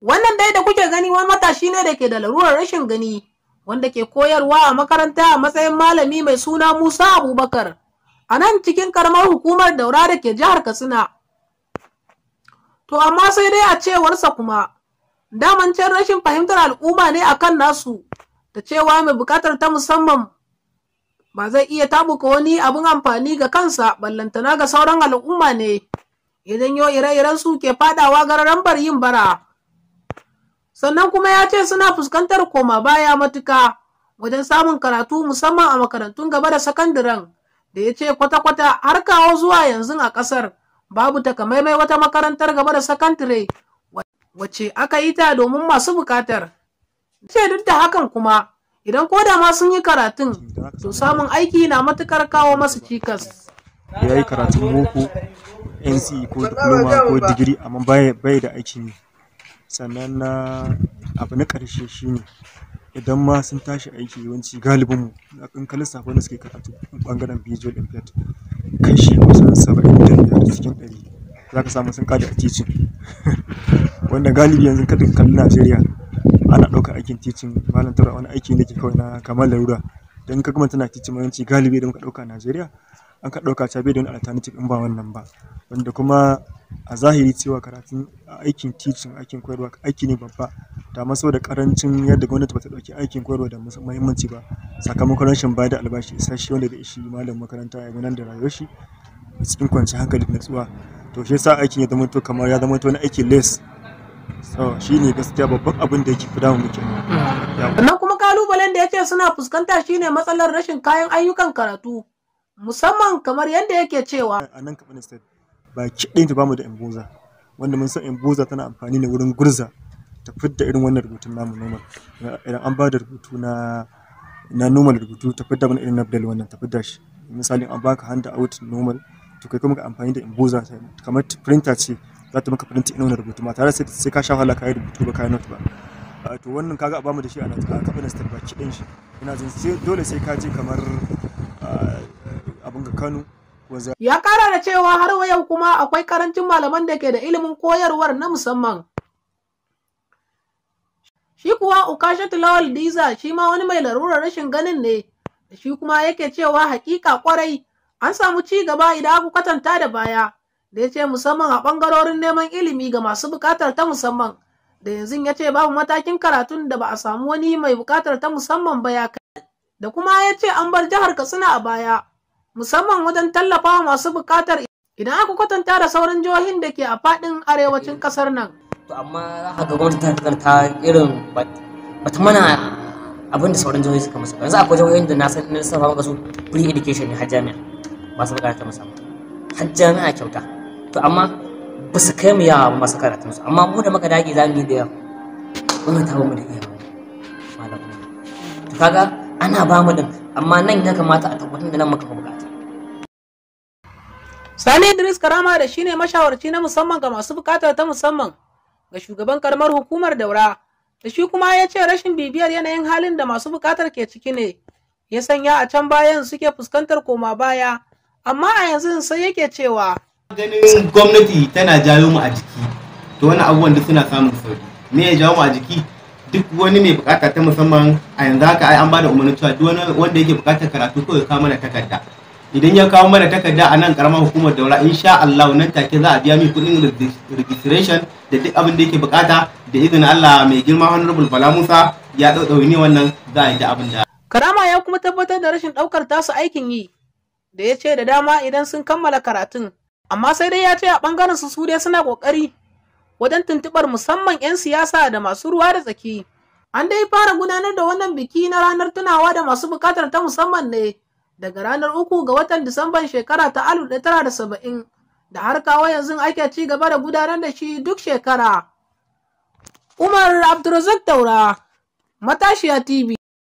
Wannan dai da kuke gani wani matashi ne da ke da larurar rashin gani wanda ke koyarwa a makaranta a matsayin malami mai suna Musa Abubakar a nan cikin karamar hukumar daura da ke jihar Katsina. To amma sai dai a cewarsa kuma daman can rashin fahimtar al'umma ne a kan nasu da cewa mai bukatar ta musamman ba zai iya tabuka wani abin amfani ga kansa ballantana ga sauran al'umma ne. ya janyo ire-iren su ke fadawa gararambar yin bara sannan kuma ya ce suna fuskantar koma baya matuka wajen samun karatu musamman a makarantun gaba da sakandiren da ya ce kwata-kwata har kawo zuwa yanzu a ƙasar babu takamaimai wata makarantar gaba da sakandire Wace aka yi ta domin masu bukatar ce duk da hakan kuma idan ko da ma sun yi karatun to samun aiki na matukar kawo masu cikas ya yi karatun boko nc ko diploma ko digiri amma bai da aikin yi sannan na abu na ƙarshe shine idan ma sun tashi aiki yawanci galibinmu in ka lissafa wanda suke karatu ɓangaren visual impact kashi kusan saba'in da biyar cikin ɗari za ka samu sun ƙare a titin wanda galibi yanzu ka kalli najeriya ana ɗaukar aikin titin malam tara wani aiki ne ke kawai na kamar larura don ka gama tana titin yawanci galibi idan ka ɗauka najeriya an ka ɗauka cewa bai da wani alternative in ba wannan ba wanda kuma a zahiri cewa karatun aikin teaching aikin koyarwa aiki ne babba da ma saboda karancin yadda gwamnati ba ta ɗauki aikin koyarwa da muhimmanci ba sakamakon rashin ba da albashi isasshe wanda zai ishi malam makaranta ya gudanar da rayuwar shi cikin kwanciyar hankali da natsuwa to shi yasa aikin ya zama to kamar ya zama to wani aikin less so shine gaskiya babban abin da yake fi damu muke mm. sannan kuma kalubalen da ya ce suna fuskanta shine matsalar rashin kayan ayyukan karatu musamman kamar yadda yake cewa a nan kaɓanin state ba kiɗin ta bamu da imboza wanda mun san imboza tana amfani ne wurin gurza ta fidda irin wannan rubutun namu normal idan an ba da rubutu na na normal rubutu ta fidda mana irin nabdal wannan ta fidda shi misali an baka hand out normal to kai kuma ka amfani da imboza kamar printer ce za ta maka print irin wannan rubutu ma tare sai ka sha wahala ka yi rubutu ba kai note ba to wannan kaga a bamu da shi a kafin state ba kiɗin shi ina jin dole sai ka je kamar Kano. Ya kara da cewa har wa yau kuma akwai karancin malaman da ke da ilimin koyarwar na musamman. Shi kuwa Ukashatu Tulawal Diza shi ma wani mai larurar rashin ganin ne, da shi kuma yake cewa hakika kwarai an samu ci gaba idan aka kwatanta da baya, da ya ce musamman a ɓangarorin neman ilimi ga masu buƙatar ta musamman, da yanzu ya ce babu matakin karatun da ba a samu wani mai buƙatar ta musamman ba ya kai, da kuma ya ce an bar jihar Katsina a baya. musamman wajen tallafawa masu buƙatar idan aka kwatanta da sauran jihohin da ke a faɗin arewacin ƙasar nan. To amma za ka gwamnatin ta ta irin bata mana abin da sauran jihohi suka musu yanzu akwai jihohin da na san na san maka su free education ne har jami'a ba su buƙatar musamman har jami'a kyauta to amma ba su kai mu yawa masu karatun su amma mu da muka dage za mu yi da yawa wannan ta mu da iya malam to kaga ana ba mu din amma nan ya kamata a tabbatar da nan muka buƙata Sani Idris Karama da shine mashawarci na musamman ga masu bukata ta musamman ga shugaban karamar hukumar daura da shi kuma ya ce rashin bibiyar yanayin halin da masu bukatar ke ciki ne ya sanya a can bayan suke fuskantar koma baya amma a yanzu sai yake cewa ganin gwamnati tana jawo mu a jiki to wani abubuwan duk suna samun sauki me ya jawo mu a jiki duk wani mai bukata ta musamman a yanzu haka ai an bada umarni cewa duk wani wanda yake bukatar karatu ko ya ka mana takarda idan ya kawo mana takarda a nan karamar hukumar daura insha Allah nan take za a biya min kudin registration da duk abin da yake bukata da izinin Allah mai girma honorable Bala Musa ya daudawi ne wannan za a yi da abin da Karama ya kuma tabbatar da rashin daukar tasu aikin yi da ya ce da dama idan sun kammala karatun amma sai dai ya ce a bangaren su su dai suna kokari wajen tuntubar musamman 'yan siyasa da masu ruwa da tsaki an dai fara gudanar da wannan biki na ranar tunawa da masu bukatar ta musamman ne daga ranar uku ga watan Disamban shekara ta 1970 da da saba'in, har kawo yanzu ake ci gaba da gudanar da shi duk shekara. Umar Abdulrazak Daura, Matashiya TV.